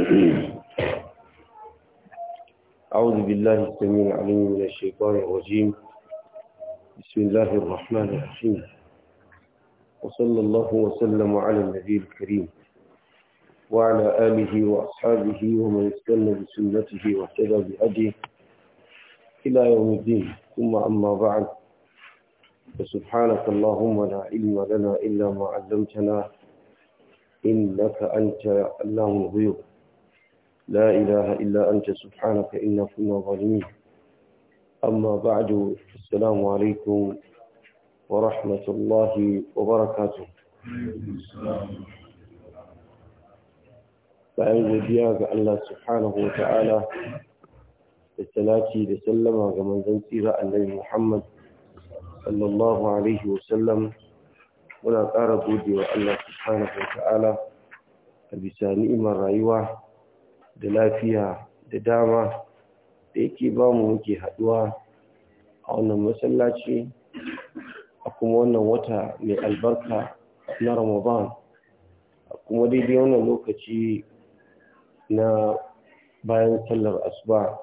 أعوذ بالله السميع العليم من الشيطان الرجيم بسم الله الرحمن الرحيم وصلى الله وسلم على النبي الكريم وعلى آله وأصحابه ومن استنى بسنته واهتدى بهديه إلى يوم الدين ثم أما بعد فسبحانك اللهم لا علم لنا إلا ما علمتنا إنك أنت علام الغيوب لا إله إلا أنت سبحانك إنا كنا ظالمين أما بعد السلام عليكم ورحمة الله وبركاته وعليكم السلام بياك الله سبحانه وتعالى بالثلاثي على كما زنتيها النبي محمد صلى الله عليه وسلم ولا تعرفوا دي الله سبحانه وتعالى بسانئ من رأيوه da lafiya da dama da yake ba mu muke haɗuwa a wannan masallaci a kuma wannan wata mai albarka na ramadan a kuma daidai wannan lokaci na bayan sallar asuba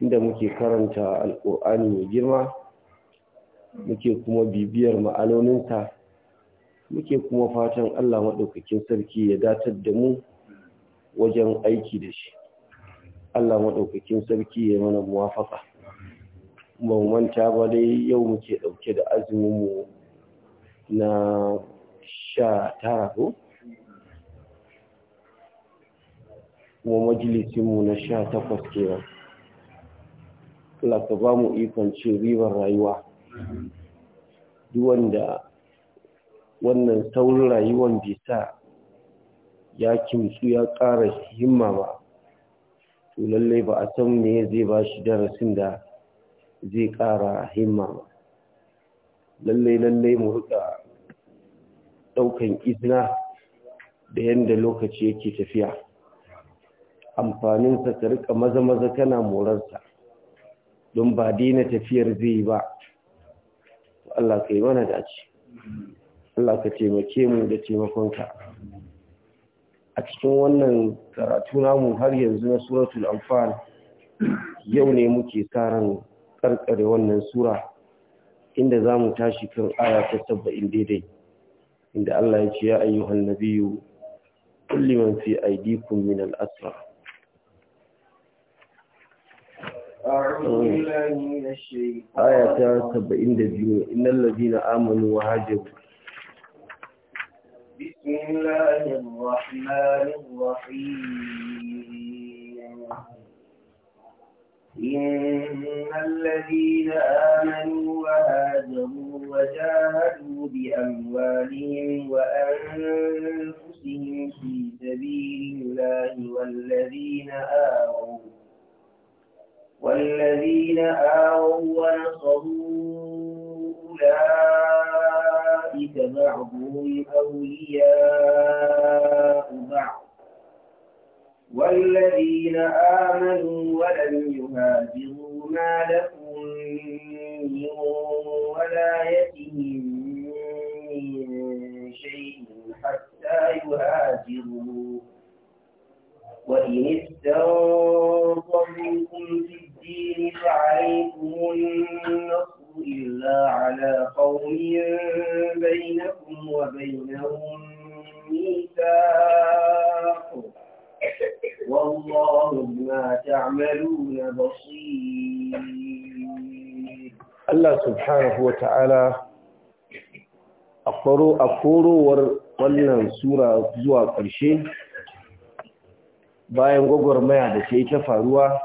inda muke karanta alƙur'ani mai girma muke kuma bibiyar ma'anoninsa muke kuma fatan allah maɗaukakin sarki ya datar da mu wajen aiki da shi Allah maɗaukakin sarki ya mana muwafaka ba manta ba dai yau muke ɗauke da azuminmu na sha tara ko kuma majalisinmu na sha takwas ke Allah bamu ba mu ikon ce ribar rayuwa duk wanda wannan saurin rayuwan sa. ya kimtsu ya ƙara himma ba to lallai ba a san me zai ba shi darasin da zai ƙara himma ba lallai lallai mu rika ɗaukan izina da yadda lokaci yake tafiya amfaninsa ta rika maza-maza kana morarsa don ba daina tafiyar zai ba Allah ka yi mana dace Allah ka taimake mu da taimakonka a cikin wannan karatu namu har yanzu na suratul anfal yau ne muke karan karkare wannan sura inda za mu tashi kan aya ta saba'in daidai inda Allah ya ce ya ayyuhan nabiyu kulli man fi aidikum min al-asra aya ta saba'in da biyu innal ladina amanu wa hajaru بسم الله الرحمن الرحيم إن الذين آمنوا وهاجروا وجاهدوا بأموالهم وأنفسهم في سبيل الله والذين آووا والذين آووا ونصروا أولئك بعضهم أولياء بعض والذين آمنوا ولم يهاجروا ما لهم subhanahu wa ta'ala a korowar wannan sura zuwa ƙarshe bayan gwagwarmaya da ta ta faruwa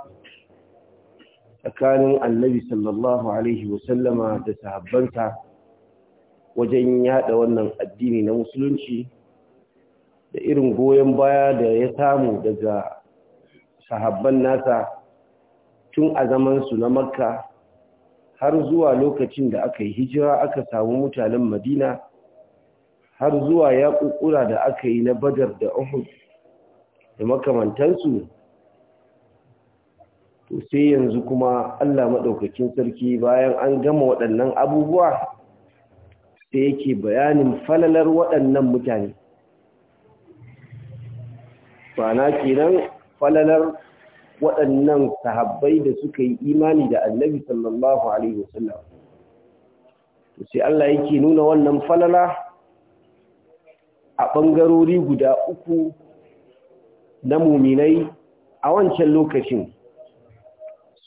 tsakanin annabi sallallahu alaihi wasallama da sahabbanta wajen yada wannan addini na musulunci da irin goyon baya da ya samu daga sahabban nasa tun a zamansu na makka har zuwa lokacin da aka yi hijira aka samu mutanen madina har zuwa ya kukura da aka yi na badar da uhud da makamantansu to sai yanzu kuma allah maɗaukakin sarki bayan an gama waɗannan abubuwa sai yake bayanin falalar waɗannan mutane ba na kenan falalar waɗannan sahabbai da suka yi imani da annabi sallallahu alaihi wasallam sai Allah yake nuna wannan falala a ɓangarori guda uku na muminai a wancan lokacin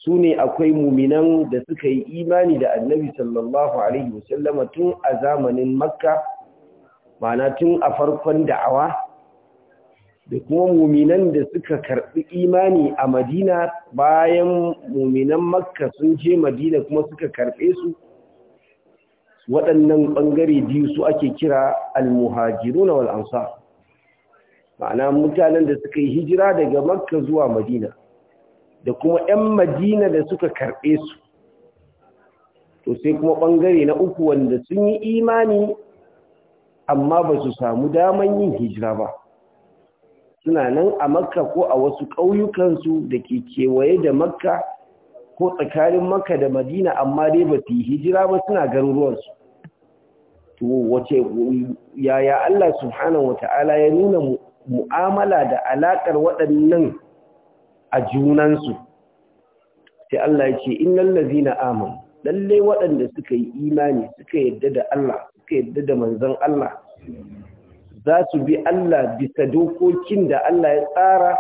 su ne akwai muminan da suka yi imani da annabi sallallahu alaihi wasallam tun a zamanin makka mana tun a farkon da'awa da kuma muminan da suka karbi imani a madina bayan muminan makka sun je madina kuma suka karbe su waɗannan ɓangare biyu su ake kira almuhajiruna wal ansar ma'ana mutanen da suka yi hijira daga makka zuwa madina da kuma 'yan madina da suka karɓe su to sai kuma ɓangare na uku wanda sun yi imani amma ba su samu daman yin hijira ba suna nan a makka ko a wasu ƙauyukansu da ke kewaye da makka ko tsakanin makka da madina amma dai ba su yi hijira ba suna garuruwansu to wace yaya Allah subhanahu wata'ala ya nuna mu'amala da alaƙar waɗannan a junansu sai Allah ya ce innal ladhina amanu lalle waɗanda suka yi imani suka yadda da Allah suka yadda da manzon Allah za su bi Allah bisa dokokin da Allah ya tsara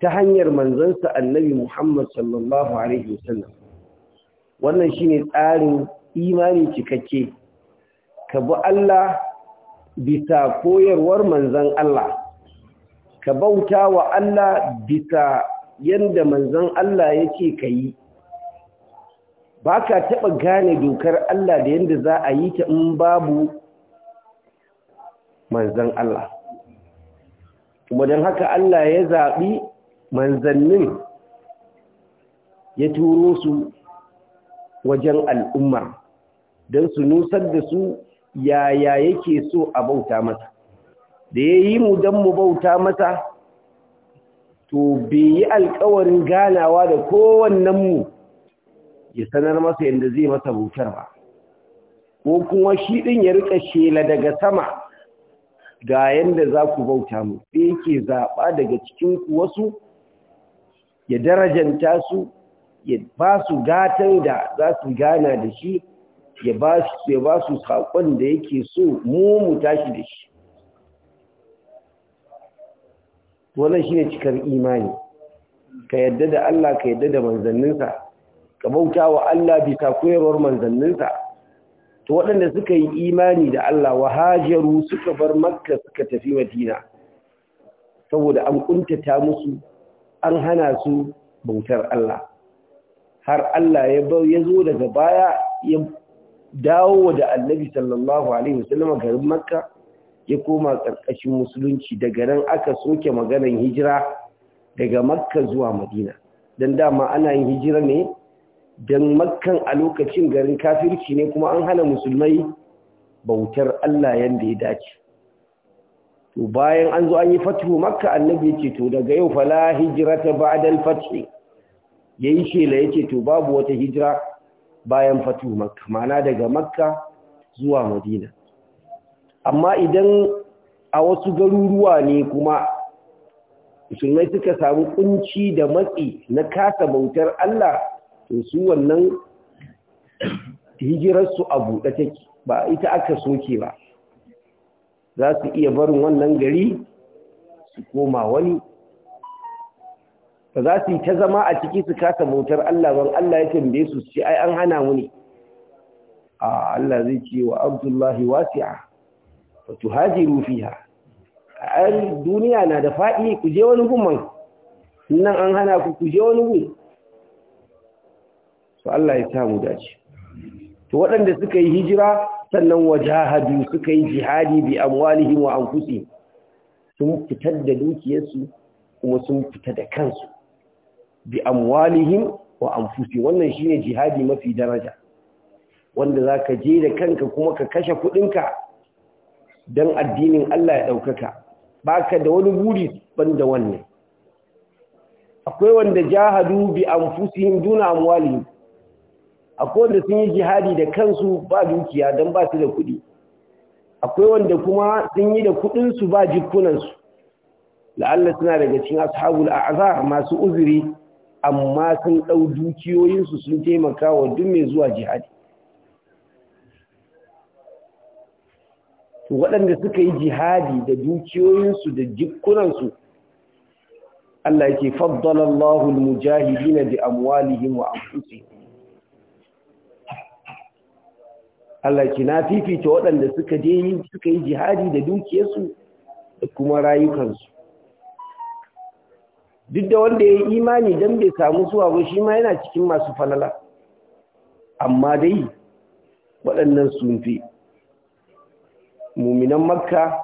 ta hanyar manzansa annabi Muhammad sallallahu Alaihi wasallam. Wannan shi ne tsarin imani cikakke, ka bi Allah bisa koyarwar manzan Allah, ka bauta wa Allah bisa yadda manzan Allah ya ce ka yi. Ba ka taɓa gane dokar Allah da yadda za a yi ta in babu manzan Allah kuma don haka Allah ya zaɓi manzannin ya turo su wajen al'ummar don su nusar da su yaya yake so a bauta masa da ya yi mu don mu bauta masa to bai yi alkawarin ganawa da kowannen mu ya sanar masa yadda zai masa bautar ba ko kuma shi ɗin ya rika shela daga sama ga yanda za ku bauta mu da yake zaɓa daga cikin ku wasu ya darajanta su ya ba su gatan da za su gana da shi ya ba su saƙon da yake so mu mu tashi da shi wannan shi ne cikar imani ka yadda da Allah ka yadda da manzanninsa ka bauta wa Allah bisa koyarwar manzanninsa to waɗanda suka yi imani da Allah wa hajaru suka bar makka suka tafi madina saboda an ƙuntata musu an hana su bautar Allah har Allah ya zo daga baya ya dawo da annabi sallallahu alaihi wasallam garin makka ya koma ƙarƙashin musulunci daga nan aka soke maganar hijira daga makka zuwa madina don dama ana yin hijira ne Dan makkan a lokacin garin kafirci ne kuma an hana musulmai bautar Allah yadda ya dace to bayan an zo an yi fatihu makka annabi yake to daga yau fala hijrata ba'da al-fath yayi shela yake to babu wata hijira bayan fatihu makka mana daga makka zuwa madina amma idan a wasu garuruwa ne kuma musulmai suka samu kunci da matsi na kasa bautar Allah to su wannan hijirarsu a buɗe take ba ita aka soke ba za su iya barin wannan gari su koma wani ba za su yi ta zama a ciki su kasa bautar Allah ban Allah ya tambaye su ce ai an hana mu ne a Allah zai ce wa Abdullahi wasi'a wa tuhajiru fiha ai duniya na da faɗi ku je wani gumman nan an hana ku ku je wani gumman to Allah ya samu dace to waɗanda suka yi hijira sannan wajahadu suka yi jihadi bi amwalihim wa anfusihim sun fitar da dukiyarsu kuma sun fita da kansu bi amwalihim wa anfusihim wannan shine jihadi mafi daraja wanda zaka je da kanka kuma ka kashe kudinka dan addinin Allah ya daukaka baka da wani buri banda wannan akwai wanda jahadu bi anfusihim duna amwalihim akwai wanda sun yi jihadi da kansu ba dukiya don ba su da kuɗi akwai wanda kuma sun yi da kuɗinsu ba jikunansu la'alla suna daga cikin ashabul a'za masu uzuri amma sun ɗau dukiyoyinsu sun taimaka wa duk mai zuwa jihadi waɗanda suka yi jihadi da dukiyoyinsu da jikunansu Allah yake faddalallahu al-mujahidina bi amwalihim wa anfusihim Allah ki na fifita waɗanda suka je suka yi jihadi da dukiyarsu da kuma rayukansu duk da wanda ya yi imani don bai samu zuwa ba shi ma yana cikin masu falala amma dai waɗannan sun fi muminan makka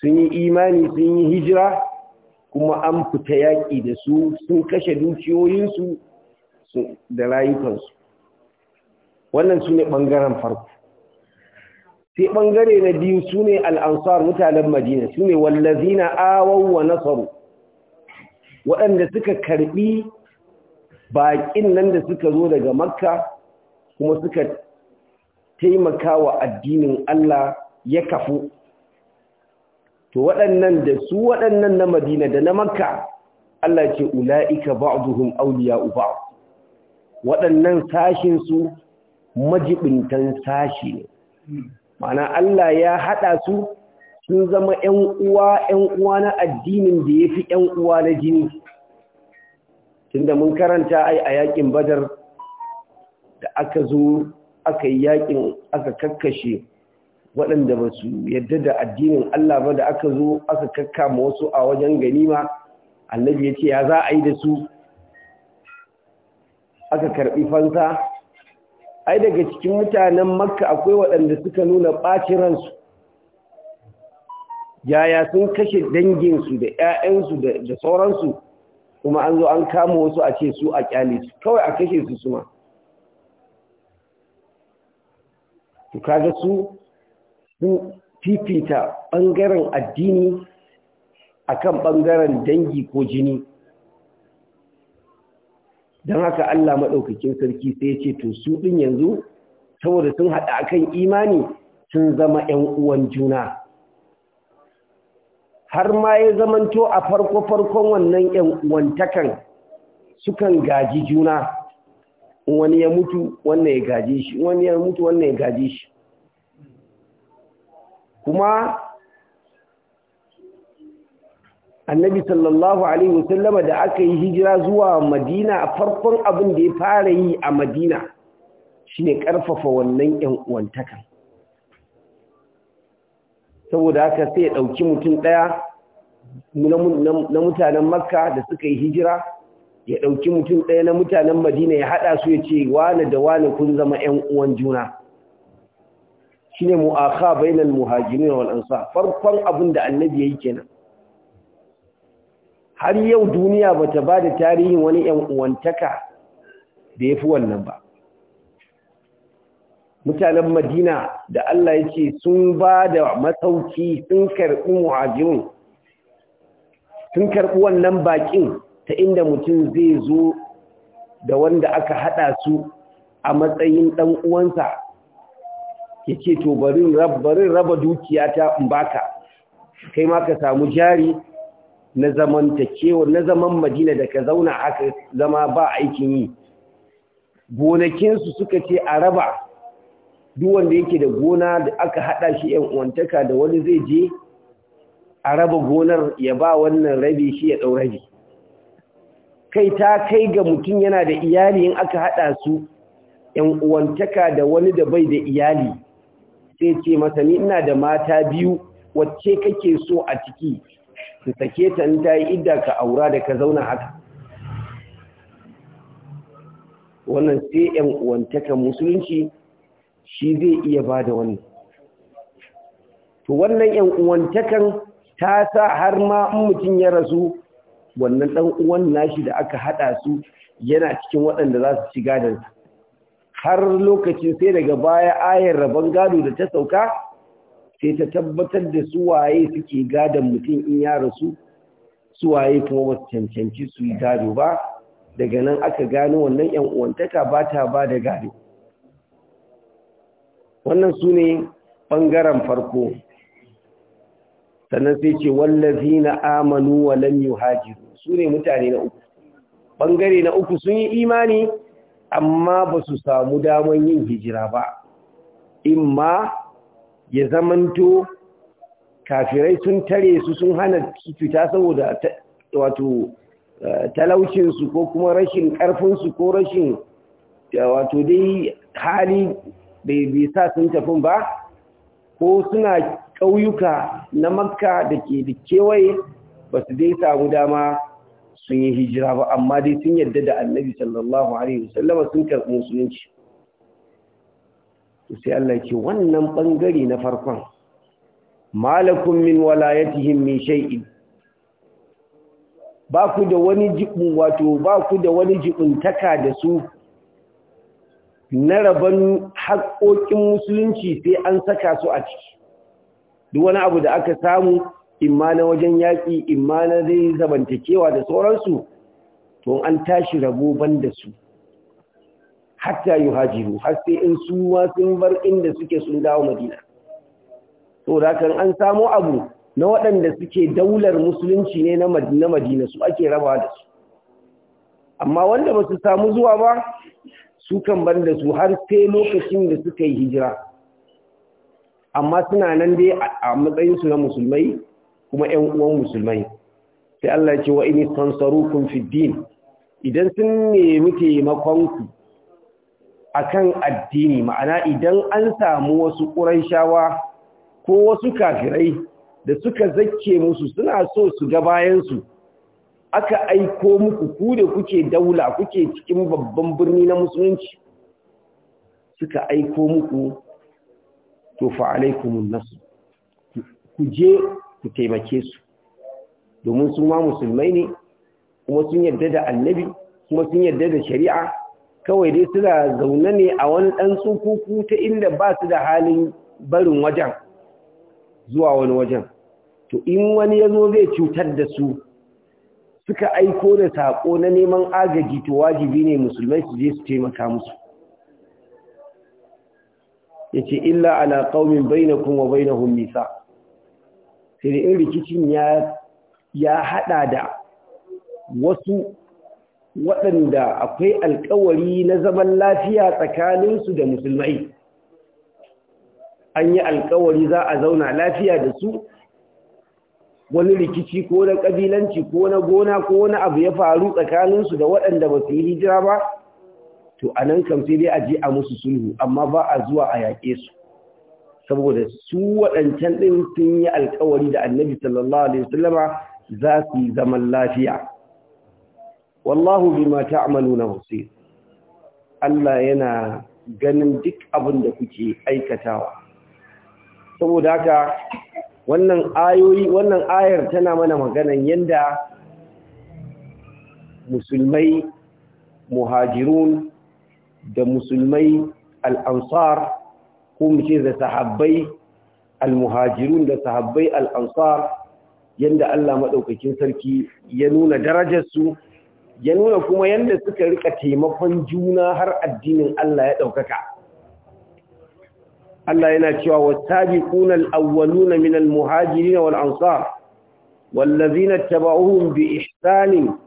sun yi imani sun yi hijira kuma an fita yaƙi da su sun kashe dukiyoyinsu da rayukansu wannan su ne ɓangaren farko sai ɓangare na biyu su ne al'ansar mutanen madina su ne wallazi na awon wa nasaru waɗanda suka karɓi baƙin nan da suka zo daga makka kuma suka taimaka wa addinin Allah ya kafu to waɗannan da su waɗannan na madina da na makka Allah ce ula'ika ba'duhum auliya uba waɗannan sashin su majibintan sashi ne ma'ana Allah ya haɗa su sun zama ‘yan uwa ‘yan uwa na addinin da ya fi ‘yan uwa na jini tunda mun karanta ai a yakin badar da aka zo aka yakin aka kakkashe waɗanda ba su yadda da addinin Allah ba da aka zo aka kakkama wasu a wajen ganima annabi ya ce ya za a yi da su aka karɓi fansa ai daga cikin mutanen makka akwai waɗanda suka nuna ɓacin ransu yaya sun kashe danginsu da 'ya'yansu da sauransu kuma an zo an kama wasu a ce su a kyale su kawai a kashe su kuma. to kaga su sun fifita ɓangaren addini akan ɓangaren dangi ko jini don haka Allah maɗaukakin sarki sai ce to su ɗin yanzu saboda sun haɗa kan imani sun zama ‘yan uwan juna har ma ya zamanto a farko-farkon wannan ‘yan uwantakan sukan gaji juna wani ya mutu wannan ya gaji shi wani ya mutu wannan ya gaji shi kuma annabi sallallahu alaihi wasallam da aka yi hijira zuwa madina farkon abin da ya fara yi a madina ne karfafa wannan yan saboda haka sai ya dauki mutum daya na mutanen makka da suka yi hijira ya ɗauki mutum daya na mutanen madina ya haɗa su ya ce wane da wane kun zama yan uwan juna ne mu'akha bainal muhajirin wal'ansa farkon abin da annabi ya yayi kenan har yau duniya ba ta ba da tarihin wani ‘yan uwantaka da ya fi wannan ba. Mutanen Madina da Allah ya sun ba da matsauki sun karɓi muhajirun, sun karɓi wannan baƙin ta inda mutum zai zo da wanda aka haɗa su a matsayin ɗan uwansa ya ce to barin raba dukiyata in baka, kai ma ka samu jari na zaman takewa na zaman madina da ka zauna aka zama ba aikin yi gonakinsu suka ce a raba duk wanda yake da gona da aka haɗa shi ‘yan uwantaka da wani zai je a raba gonar ya ba wannan rabi shi ya ɗau rabi kai ta kai ga mutum yana da iyali in aka haɗa su ‘yan uwantaka da wani da bai da iyali sai ce masani ina da mata biyu wacce kake so a ciki ka sake ta in ta yi idda ka aura da ka zauna haka wannan sai ‘yan uwantaka musulunci shi zai iya ba da wannan to wannan ‘yan uwantakan ta sa har ma in mutum ya rasu wannan ɗan uwan nashi da aka haɗa su yana cikin waɗanda za su ci gadansa har lokacin sai daga baya ayar rabon gado da ta sauka sai ta tabbatar da su waye suke gadon mutum in ya rasu su waye kuma wasu cancanci su yi gado ba daga nan aka gano wannan yan uwantaka ba ta ba da gado wannan su ne ɓangaren farko sannan sai ce wallazi na amanu wa lam yuhajiru su ne mutane na uku ɓangare na uku sun yi imani amma ba su samu damar yin hijira ba imma ya zamanto kafirai sun tare su sun hana cuta saboda wato eh, talaucinsu ko kuma rashin ƙarfinsu ko rashin eh, wato dai hali bai sa sun tafi ba ko suna ƙauyuka na makka da ke da kewaye ba su dai samu dama sun yi hijira ba amma dai sun yadda da annabi sallallahu alaihi wasallama sun karɓi musulunci sai Allah ce wannan ɓangare na farkon malakum min walayatihim min shay'in ba ku da wani jibin wato ba ku da wani jibin taka da su na rabon haƙoƙin musulunci sai an saka su a ciki duk wani abu da aka samu imma na wajen yaƙi imma na zai zamantakewa da sauransu to an tashi rabo ban da su hatta yuhajiru har sai in su sun bar inda suke sun dawo madina to da an samo abu na waɗanda suke daular musulunci ne na madina su ake raba da su amma wanda ba su samu zuwa ba su kan ban da su har sai lokacin da suka yi hijira amma suna nan dai a matsayinsu na musulmai kuma 'yan uwan musulmai sai Allah ya ce wa in tansarukum fid din idan sun nemi taimakon akan addini ma'ana idan an samu wasu ƙuraishawa ko wasu kafirai da suka zakke musu suna so su ga bayansu aka aiko muku ku da kuke daula kuke cikin babban birni na musulunci suka aiko muku to fa alaikumun nasu ku je ku taimake su domin su ma musulmai ne kuma sun yarda da annabi kuma sun yarda da shari'a kawai dai suna zaune ne a wani ɗan tsukuku ta inda ba su da halin barin wajen zuwa wani wajen to in wani ya zo zai cutar da su suka aiko da saƙo na neman agaji to wajibi ne musulmai su je su taimaka musu ya ce illa ala ƙaumin kuma baina hun nisa sai da in rikicin ya haɗa da wasu waɗanda akwai alkawari na zaman lafiya tsakaninsu da musulmai an yi alkawari za a zauna lafiya da su wani rikici ko na ƙabilanci ko na gona ko wani abu ya faru tsakaninsu da waɗanda ba su yi hijira ba to a nan kamfe dai a je a musu sulhu amma ba a zuwa a yaƙe su saboda su waɗancan ɗin sun yi alkawari da annabi sallallahu alaihi wasallama za su yi zaman lafiya wallahu bima ta'maluna basir Allah yana ganin duk abin da kuke aikatawa saboda haka wannan ayoyi wannan ayar tana mana maganan yanda musulmai muhajirun da musulmai al'ansar ko mace da sahabbai al-muhajirun da sahabbai al-ansar, yadda Allah maɗaukakin sarki ya nuna darajarsu ya nuna kuma yadda suka rika taimakon juna har addinin Allah ya ɗaukaka. Allah yana cewa wasabiquna al-awwaluna min al-muhajirin wal ansar wallazina tabauhum bi ihsanin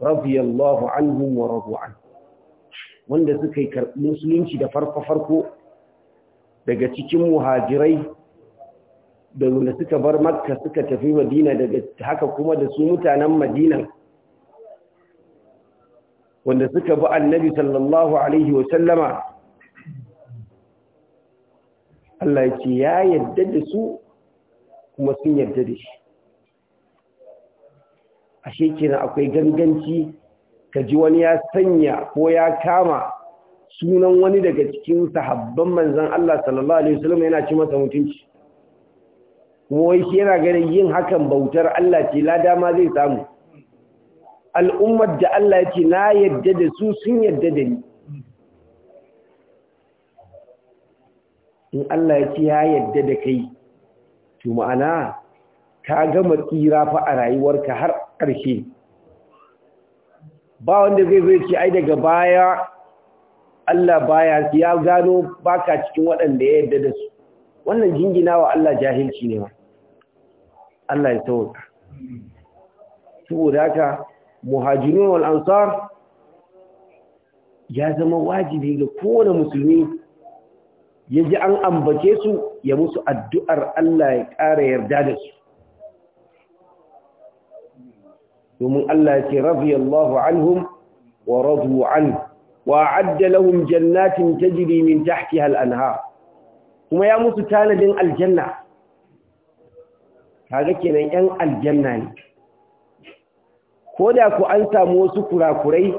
radiyallahu anhum wa radu wanda suka yi musulunci da farko farko daga cikin muhajirai da wanda suka bar makka suka tafi madina daga haka kuma da su mutanen madinan wanda suka bi annabi sallallahu alaihi wa sallama Allah ya ce ya yarda da su kuma sun yarda da shi ashe kina akwai ganganci ka ji wani ya sanya ko ya kama sunan wani daga cikin sahabban manzan Allah sallallahu alaihi wasallam yana ci masa mutunci kuma wai shi yana ganin yin hakan bautar Allah ce lada ma zai samu al'ummar da Allah yake na yadda da su sun yadda da ni in Allah ya ce ya yadda da kai to ma'ana ka gama tsira fa a rayuwarka har ƙarshe ba wanda zai zai ce ai daga baya Allah baya ya gano baka cikin waɗanda ya yadda da su wannan jingina wa Allah jahilci ne ma Allah ya ka. saboda haka muhajirun wal ansar ya zama wajibi ga kowane musulmi ya ji an ambace su ya musu addu'ar Allah ya ƙara yarda da su domin Allah ya ce radiyallahu anhum wa radu an wa adda jannatin ta min tahtiha al-anhar kuma ya musu tanadin aljanna kaga kenan yan aljanna ne ko da ku an samu wasu kurakurai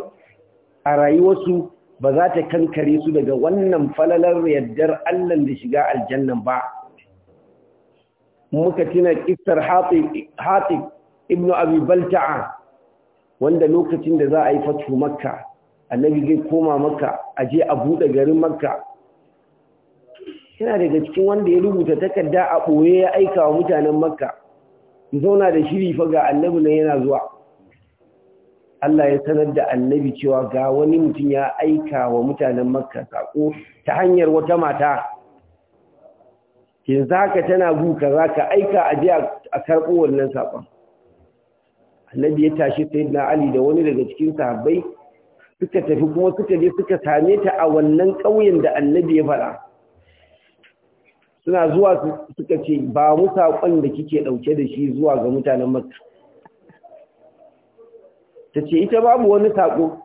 a rayuwarsu ba za ta kankare su daga wannan falalar yaddar Allah da shiga aljannan ba muka tuna kistar Hatib ibn Abi Balta'a wanda lokacin da za a yi fatu Makka annabi zai koma Makka a je a buɗe garin Makka yana daga cikin wanda ya rubuta takarda a ɓoye ya aika wa mutanen Makka zauna da shiri faga ga annabi nan yana zuwa Allah ya sanar da annabi cewa ga wani mutum ya aika wa mutanen makka saƙo ta hanyar wata mata yanzu haka tana guka za ka aika a je a karɓo wannan saƙon annabi ya tashi sai na ali da wani daga cikin sahabbai suka tafi kuma suka je suka same ta a wannan ƙauyen da annabi ya faɗa suna zuwa suka ce ba mu saƙon da kike ɗauke da shi zuwa ga mutanen makka ta ce ita babu wani sako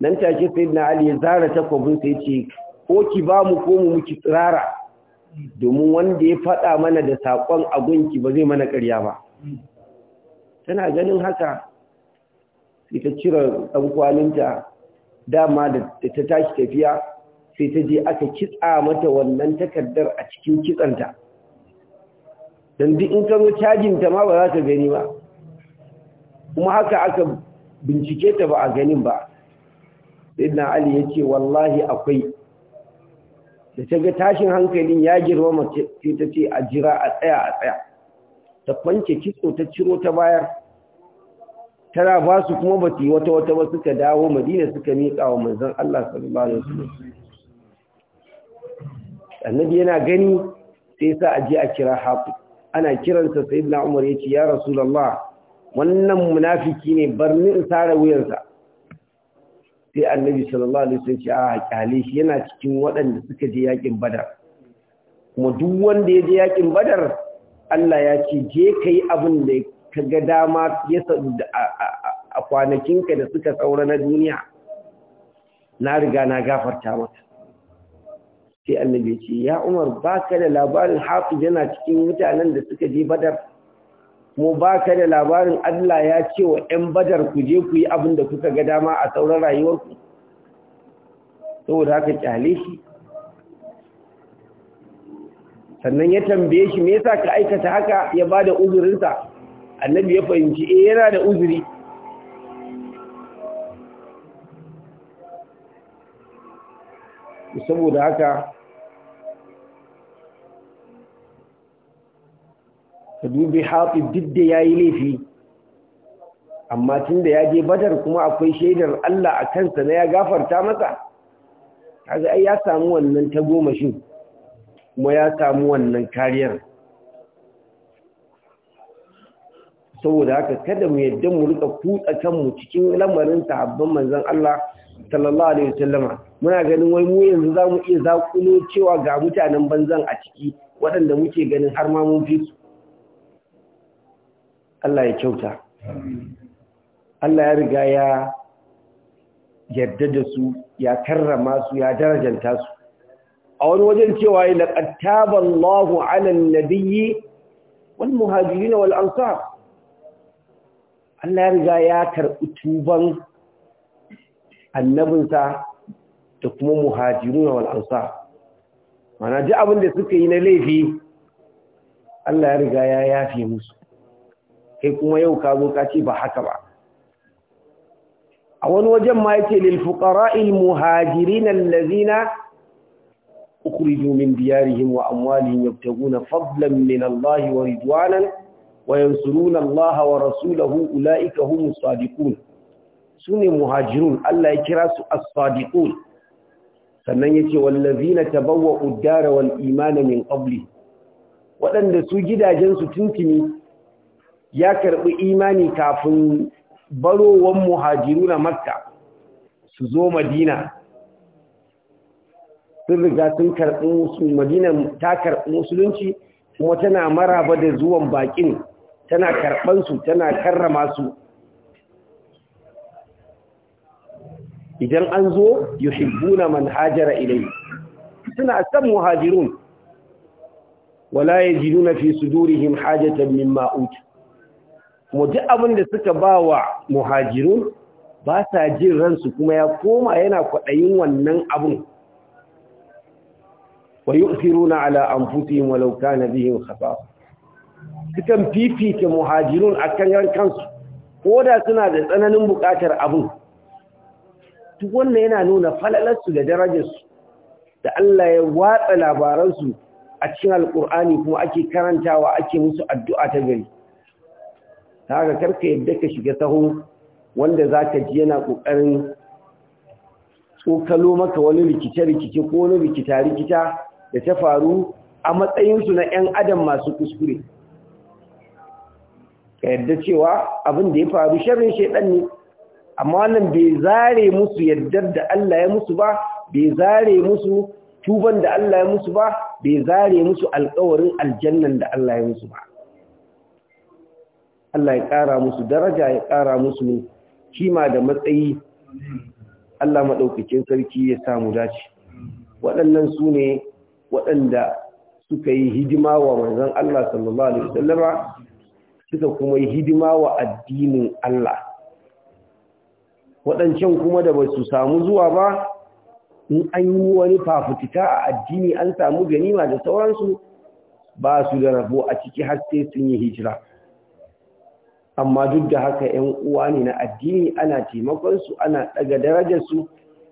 nan ta take sai na ali ya zara takwabin sai ce ko ki ba mu ko mu muki tsirara domin wanda ya faɗa mana da saƙon agunki ba zai mana ƙarya ba tana ganin haka sai ta cire ɗan kwalinta dama da ta tashi tafiya sai ta je aka kitsa mata wannan takardar a cikin kitsanta don duk in kano cajin ta ma ba za ta gani ba kuma haka aka bincike ta ba a ganin ba sayyidina ali ya ce wallahi akwai da ta ga tashin hankalin ya girmama sai ta ce a jira a tsaya a tsaya ta kwance kitso ta ciro ta bayar tana ba su kuma ba su yi wata wata ba suka dawo madina suka mika wa manzon Allah sallallahu alaihi wasallam annabi yana gani sai sa aje a kira hafi ana kiransa sayyidina Umar yace ya rasulullah wannan munafiki ne bar ni in sare wuyansa sai annabi sallallahu alaihi wasallam ya ah, a kyale shi yana cikin waɗanda suka je yakin badar kuma duk wanda ya je yakin badar Allah ya ce je kai abin da ka ga dama ya sadu a kwanakinka da suka saura na duniya na riga na gafarta mata sai annabi ya ce ya umar baka da labarin hafiz yana cikin mutanen da suka je badar mu ba ka da labarin Allah ya ce wa ‘yan badar ku je ku yi abin da kuka ga dama a sauran rayuwarku saboda haka kyale shi sannan ya tambaye shi me yasa ka aikata haka ya ba da uzurinsa annabi ya fahimci e, yana da uzuri saboda haka ka dubi haɗi duk da ya yi laifi amma tun da ya je badar kuma akwai shaidar Allah a kansa na ya gafarta masa kaga ai ya samu wannan ta goma shi kuma ya samu wannan kariyar saboda haka kada mu yadda mu rika kutsa kanmu cikin lamarin sahabban manzon Allah sallallahu alaihi wasallama muna ganin wai mu yanzu za mu iya zakulo cewa ga mutanen banzan a ciki waɗanda muke ganin har ma mun fi Allah ya kyauta Allah ya riga ya yarda da su ya karrama su ya darajanta su a wani wajen cewa ya na ƙattaban Allahu 'ala nabiyyi nabiyyi muhajiri na wal ansar Allah ya riga ya karɓi tuban annabinsa da kuma muhajirun wal ansar mana ji abin da suka yi na laifi Allah ya riga ya yafe musu kai kuma yau ka zo ka ce ba haka ba a wani wajen ma yake lil fuqara'il muhajirin allazina ukhriju min diyarihim wa amwalihim yabtaguna fadlan min Allah wa ridwanan wa yansuruna Allah wa rasulahu ulaika humus sadiqun sune muhajirun Allah ya kira su as-sadiqun sannan yace wallazina ta ad-dara wal imana min qabli waɗanda su gidajensu tuntuni ya karɓi imani kafin barowan muhajiru na makka su zo madina sun riga sun karɓi musu madina ta karɓi musulunci kuma tana maraba da zuwan baƙin, tana karɓansu tana karrama su idan an zo yuhibbuna man hajara ilai suna san muhajirun wala yajiduna fi sudurihim hajatan mimma utu kuma duk abin da suka ba wa muhajirun ba sa jin ransu kuma ya koma yana kwaɗayin wannan abin wa yu'thiruna ala anfusihim walau kana bihim khasasa sukan fifita muhajirun akan yan kansu ko da suna da tsananin buƙatar abin duk wannan yana nuna falalarsu da darajarsu da Allah ya watsa labaransu a cikin alƙur'ani kuma ake karantawa ake musu addu'a ta gari ta haka karka yadda ka shiga taho wanda za ka ji yana ƙoƙarin tsokalo maka wani rikice-rikice ko wani rikita-rikita da ta faru a matsayinsu na 'yan adam masu kuskure ka yadda cewa abin da ya faru sharrin shaidan ne amma wannan bai zare musu yadda da Allah ya musu ba bai zare musu tuban da Allah ya musu ba bai zare musu alƙawarin aljannan da Allah ya musu ba Allah ya ƙara musu daraja ya ƙara musu kima da matsayi Allah maɗaukakin sarki ya samu dace waɗannan su ne waɗanda suka yi hidima wa manzon Allah sallallahu alaihi wasallama suka kuma yi hidima wa addinin Allah waɗancan kuma da ba su samu zuwa ba in an yi wani fafutuka a addini an samu ganima da sauransu ba su da rabo a ciki har sai sun yi hijira amma duk da haka ‘yan uwa ne na addini ana taimakon su ana daga su,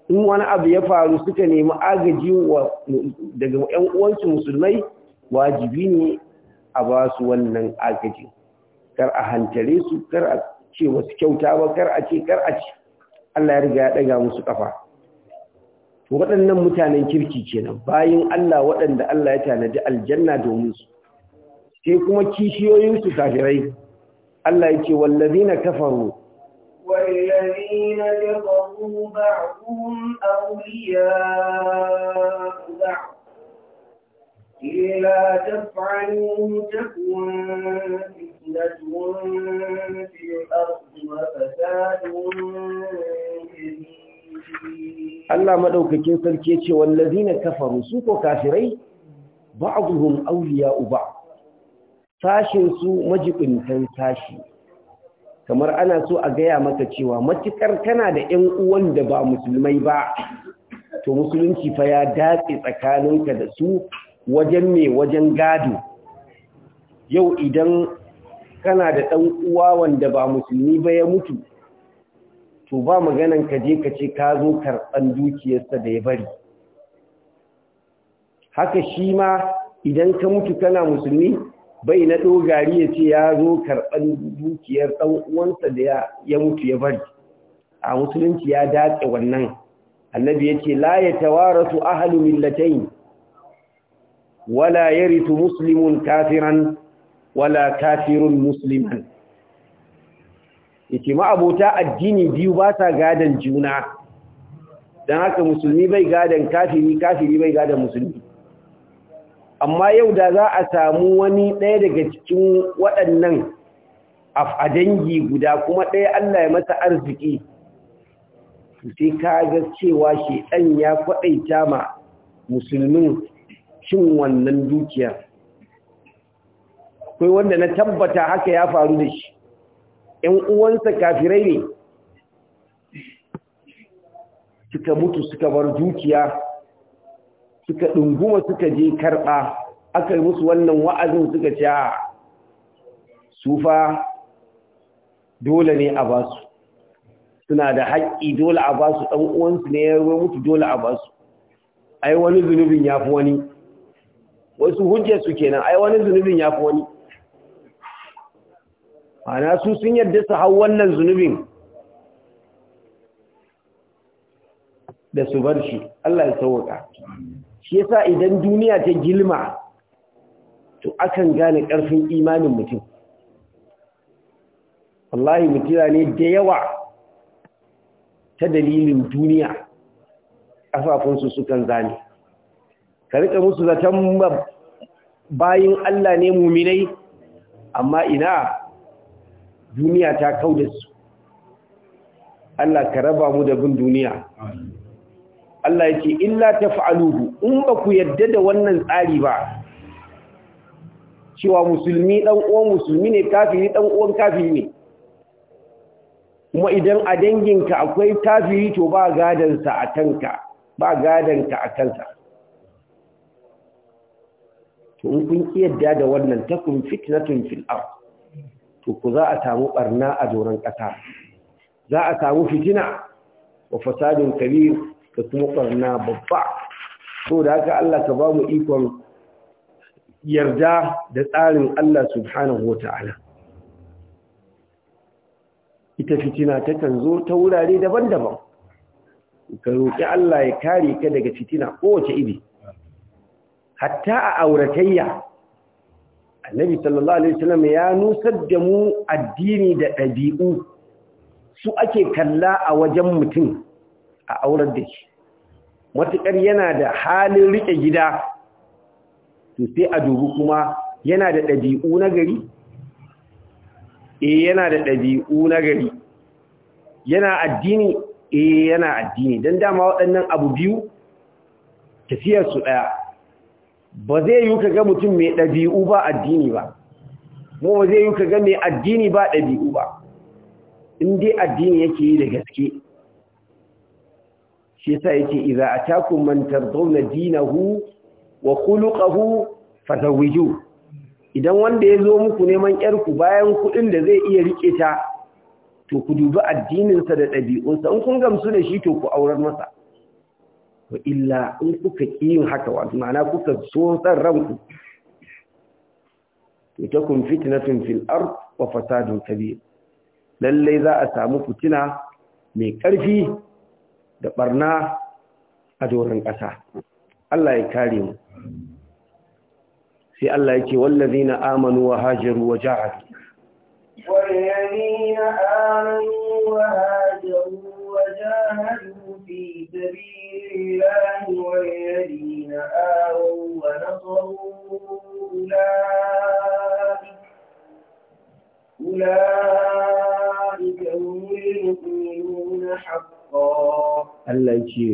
in wani abu ya faru suka nemi agaji daga ‘yan uwansu musulmai wajibi ne a ba su wannan agaji kar a hantare su kar a ce wasu kyauta ba kar a ce kar a ce Allah ya riga ya daga musu kafa waɗannan mutanen kirki kenan bayan Allah waɗanda Allah ya tanadi aljanna domin su sai kuma kishiyoyin su kafirai Allah yake wallazina kafaru والذين كفروا بعضهم أولياء بعض إلا تفعلوا تكن فتنة في الأرض وفساد Allah maɗaukakin sarki ce na kafaru su ko kafirai ba'dhum awliya'u ba'd Sashen su majibintan sashi kamar ana so a gaya maka cewa matukar kana da 'yan uwan da ba musulmai ba to musulunci fa ya datse tsakaninka da su wajen mai wajen gado yau idan kana da ɗan uwa wanda ba musulmi ba ya mutu to ba maganan ka je ka ce ka zo karɓan dukiyarsa da ya bari haka shi ma idan ka mutu kana musulmi bai na dogari ya ce ya zo karɓar dukiyar ɗan uwansa da ya mutu ya bari a musulunci ya datse wannan annabi ya ce la ya tawarasu ahalu millatain wala yarithu muslimun kafiran wala kafirun musliman yace ma abota addini biyu ba ta gadan juna dan haka musulmi bai gadan kafiri kafiri bai gadan musulmi amma yau da za a samu wani ɗaya daga cikin waɗannan a dangi guda kuma ɗaya Allah ya masa arziki sai ka ga cewa shi ɗan ya kwaɗaita ma musulmin cin wannan dukiya akwai wanda na tabbata haka ya faru da shi ‘yan uwansa kafirai ne suka mutu suka bar dukiya suka ɗunguma suka je karɓa aka yi musu wannan wa'azin suka ce a sufa dole ne a basu suna da haƙƙi dole a basu ɗan uwansu ne ya ruwa mutu dole a basu ai wani zunubin ya fi wani wasu hujjarsu kenan ai wani zunubin ya fi wani ana su sun yarda su hau wannan zunubin da su bar shi Allah ya sauka shi yasa idan duniya ta gilma to akan gane ƙarfin imanin mutum wallahi mutira ne da yawa ta dalilin duniya ƙafafunsu sukan zane ka riƙa musu zaton bayin Allah ne muminai amma ina duniya ta kau su Allah ka raba mu da bin duniya Allah ya ce illa taf'aluhu in ba ku yadda da wannan tsari ba cewa musulmi dan uwan musulmi ne kafiri dan uwan kafiri ne kuma idan a danginka akwai kafiri to ba gadansa a kanka ba gadanka a kansa to in kun yadda da wannan takun fitnatun fil ard to ku za a samu barna a doron kasa za a samu fitina wa fasadun kabir da kuma ɓarna babba so da haka Allah ka ba mu ikon yarda da tsarin Allah subhanahu wata'ala ita fitina takan zo ta wurare daban-daban ka roƙi Allah ya kare ka daga fitina kowace iri hatta a auratayya annabi sallallahu alaihi wasallam ya nusar da mu addini da ɗabi'u su ake kalla a wajen mutum a aurar da shi matuƙar yana da halin riƙe gida to sai a dubi kuma yana da ɗabi'u na gari eh yana da ɗabi'u na gari yana addini eh yana addini don dama waɗannan abu biyu tafiyarsu ɗaya ba zai yi ka ga mutum mai ɗabi'u ba addini ba mu ba zai yi ka ga mai addini ba ɗabi'u ba in dai addini yake yi da gaske shi yasa yake idza atakum man tardawna dinahu wa khuluquhu fazawiju idan wanda ya zo muku neman 'yarku bayan kuɗin da zai iya riƙe ta to ku dubi addininsa da dabi'un in kun gamsu da shi to ku aurar masa wa illa in kuka kiyin haka wato ma'ana kuka so san ranku to takum fitnatun fil ard wa fasadun kabir lalle za a samu fitina mai karfi da ɓarna a doron ƙasa. Allah ya kare mu. Sai Allah ya ke wallazi na amanu wa hajjaru wa ja'a. أولئك هم المؤمنون حقا Allah ya ce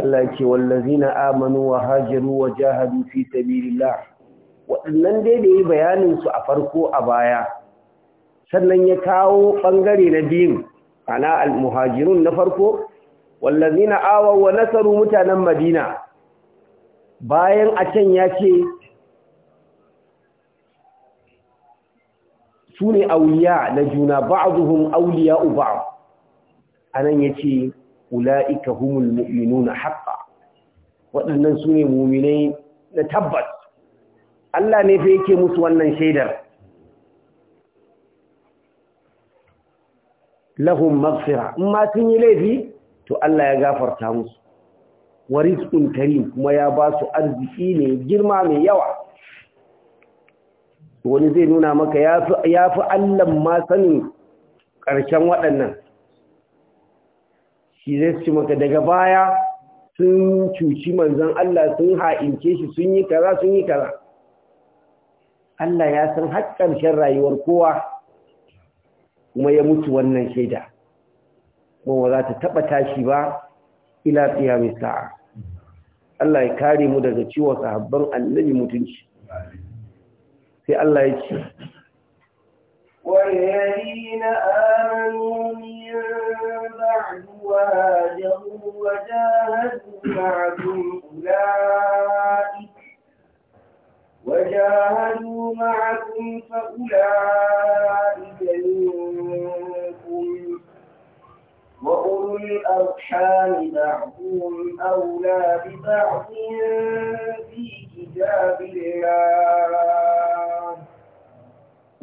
Allah ya ce na amanu wa hajaru wa jahadu fi sabilillah waɗannan dai da yi bayanin su a farko a baya sannan ya kawo ɓangare na biyu ana al-muhajirun na farko wallazina awaw wa nasaru mutanen madina bayan a can ya ce su ne auliya na juna ba'aduhum auliya uba. anan yace ulaika humul mu'minuna haqqan waɗannan su ne mu'minai na tabbas Allah ne fa yake musu wannan shaidar lahun maghfira in ma sun yi laifi to Allah ya gafarta musu wa rizqun karim kuma ya ba su arziki ne girma mai yawa wani zai nuna maka ya fi allan ma ƙarshen waɗannan shi zai ci maka daga baya sun cuci manzan Allah sun ha'inke shi sun yi kaza sun yi kaza Allah ya san har ƙarshen rayuwar kowa kuma ya mutu wannan shaida kuma za ta taɓa tashi ba ila tsiya mai sa'a Allah ya kare mu daga ciwon sahabban annabi mutunci sai Allah ya ce والذين آمنوا من بعد وهاجروا وجاهدوا معكم أولئك وجاهدوا معكم فأولئك منكم وأولو الأرحام بعضهم أولى ببعض في كتاب الله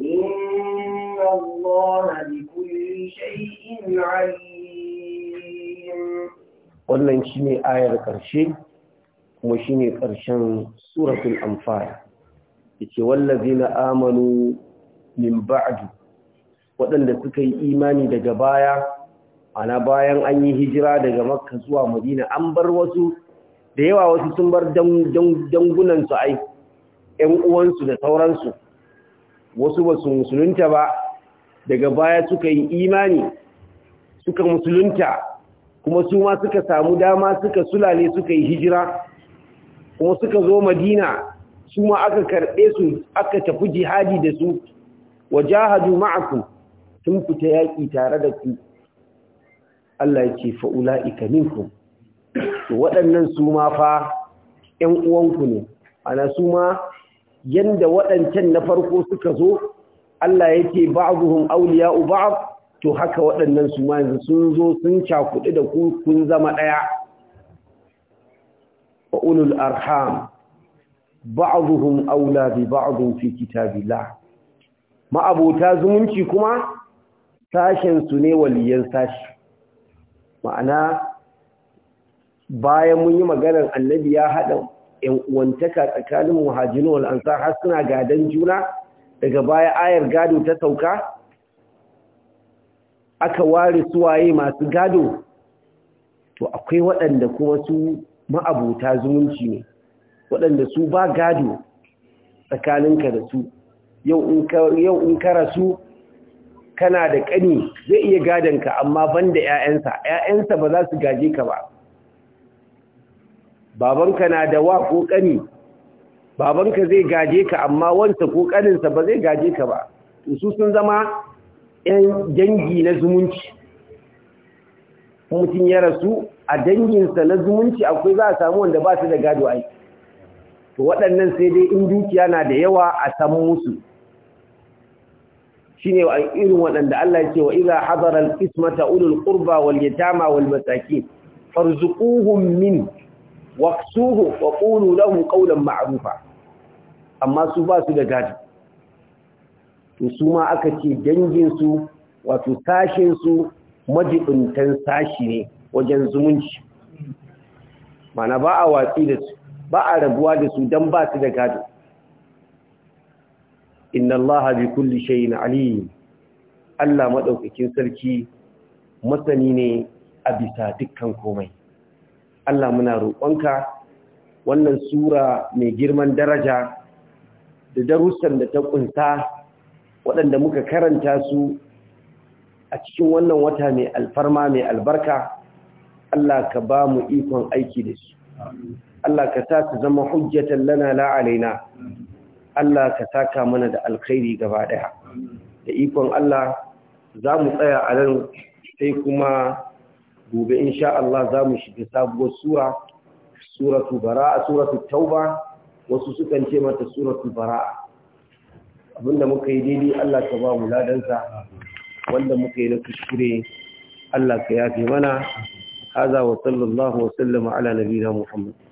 إن الله بكل شيء عليم wannan shine ayar ƙarshe kuma shine ƙarshen suratul anfal yace na amanu min ba'du waɗanda suka yi imani daga baya ana bayan an yi hijira daga makka zuwa madina an bar wasu da yawa wasu sun bar dangunansu ai ‘yan uwansu da sauransu wasu ba su musulunta ba daga baya suka yi imani suka musulunta kuma su ma suka samu dama suka sulale suka yi hijira kuma suka zo madina su ma aka karɓe su aka tafi jihadi da su wajahadu ma'akum sun fita yaƙi tare da ku Allah ya ce fa'ula'ika minkum waɗannan su ma fa ‘yan uwanku ne ana su ma yanda waɗancan na farko suka zo Allah yake ce ba'aduhum ba'd to haka waɗannan su ma sun zo sun cakuɗi da ku kun zama ɗaya wa ulul arham ba'dhum awla bi ba'd fi kitabillah abota zumunci kuma sashen su ne waliyan sashi ma'ana bayan mun yi maganar annabi ya haɗa ‘yan uwantaka tsakanin muhajirin wal'ansar har suna gadon juna daga baya ayar gado ta sauka aka ware suwaye masu gado to akwai waɗanda kuma su ma'abuta zumunci ne waɗanda su ba gado tsakaninka da su yau in ka rasu kana da ƙani zai iya gadon ka amma ban da ‘ya'yansa ‘ya'yansa ba za su gaje ka ba babanka na da wa ko ƙani babanka zai gaje ka amma wansa ko ƙaninsa ba zai gaje ka ba su sun zama ‘yan dangi na zumunci mutum ya rasu a danginsa na zumunci akwai za a samu wanda ba su da gado aiki to waɗannan sai dai in dukiya na da yawa a samu musu shine wa irin waɗanda Allah ya ce wa idza hadara al-qismata ulul qurba wal yatama wal masakin farzuquhum min waqsuhu wa qulu lahum qawlan ma'rufa amma su ba su da gadi to su ma aka ce dangin su wato sashin su majibuntan sashi ne wajen zumunci mana ba a watsi da su ba a rabuwa da su dan ba su da gado inna allaha bi kulli shay'in alim Allah madaukakin sarki masani ne a bisa dukkan komai Allah muna roƙonka wannan sura mai girman daraja da darussan da ta kunsa waɗanda muka karanta su a cikin wannan wata mai alfarma mai albarka Allah ka ba mu ikon aiki da su Allah ka sa su zama hujjatan lana la'alaina Allah ka saka mana da alkhairi gaba daya da ikon Allah za mu tsaya a nan sai kuma gobe insha Allah za mu shiga sabuwar sura suratu bara'a suratu tauba wasu sukan ce mata suratu bara'a abinda muka yi daidai Allah ka ba mu ladansa wanda muka yi na kuskure Allah ka yafe mana هذا وصلى الله وسلم على نبينا محمد